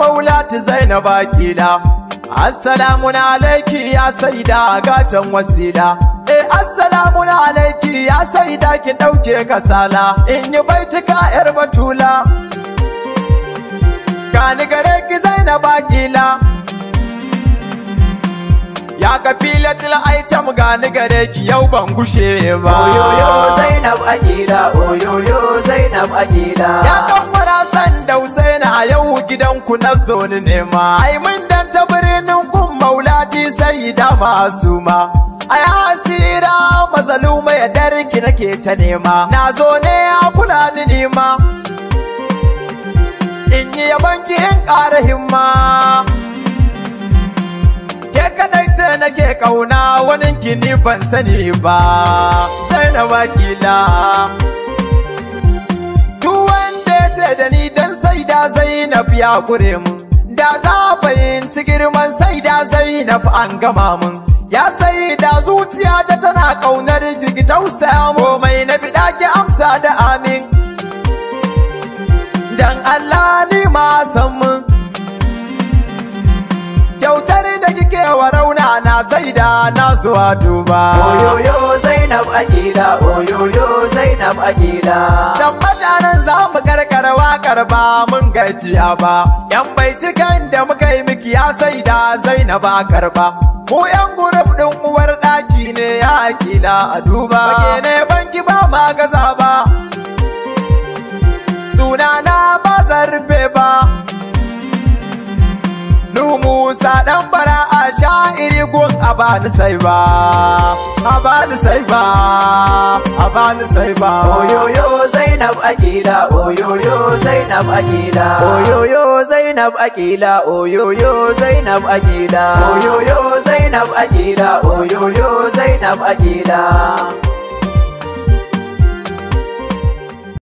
maulati zainaba kila assalamu alayki ya saida gatan wasila eh assalamu alayki ya saida ki dauke kasala in yi baitika yar batula kani gare ki zainaba kila ya til aita mu gani gare ki yau ban gushe ba oyoyo zainab akida oyoyo zainab akida gidanku na so ni nema ai mun dan ta birnin kun maulati sai da masu ma ai asira mazaluma ya darki nake ta nema na zo ne a kula ni nema in yi yaban ki in ƙara himma ke kadai ce nake kauna wani kini ban sani ba sai na wakila duk wanda ya ce da ni dan sai da zai Zainab ya kure mun da za ci girman sai da Zainab an gama mun ya sai da zuciya ta tana kaunar jirgi tausaya komai na bida ki amsa da amin dan Allah ni ma san mun kyautar da kike wa rauna na sai da na zuwa duba Zainab Akila oyoyo Zainab Akila Don mutanen za mu karkara wakar ba mun gajiya ba Yan baitukan da muka yi miki ya sai da Zainab karba Mu yan gurub din uwar daki ne ya Akila a duba ke ne banki ba ma gaza ba Sunana ba zarbe ba Musa dan bara a sha'iri gun abani sai ba a bani sai ba a bani sai ba oyoyo zainab akila oyoyo zainab akila oyoyo zainab akila oyoyo zainab akila oyoyo zainab akila oyoyo zainab akila